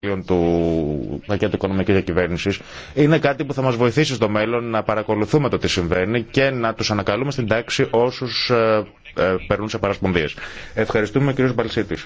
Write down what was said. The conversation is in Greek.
του πακέτου οικονομική διακυβέρνηση είναι κάτι που θα μα βοηθήσει στο μέλλον να παρακολουθούμε το τι συμβαίνει και να του ανακαλούμε στην τάξη όσου ε, ε, περνούν σε παρασπονδίε. Ευχαριστούμε, κύριο Μπαλσίτη.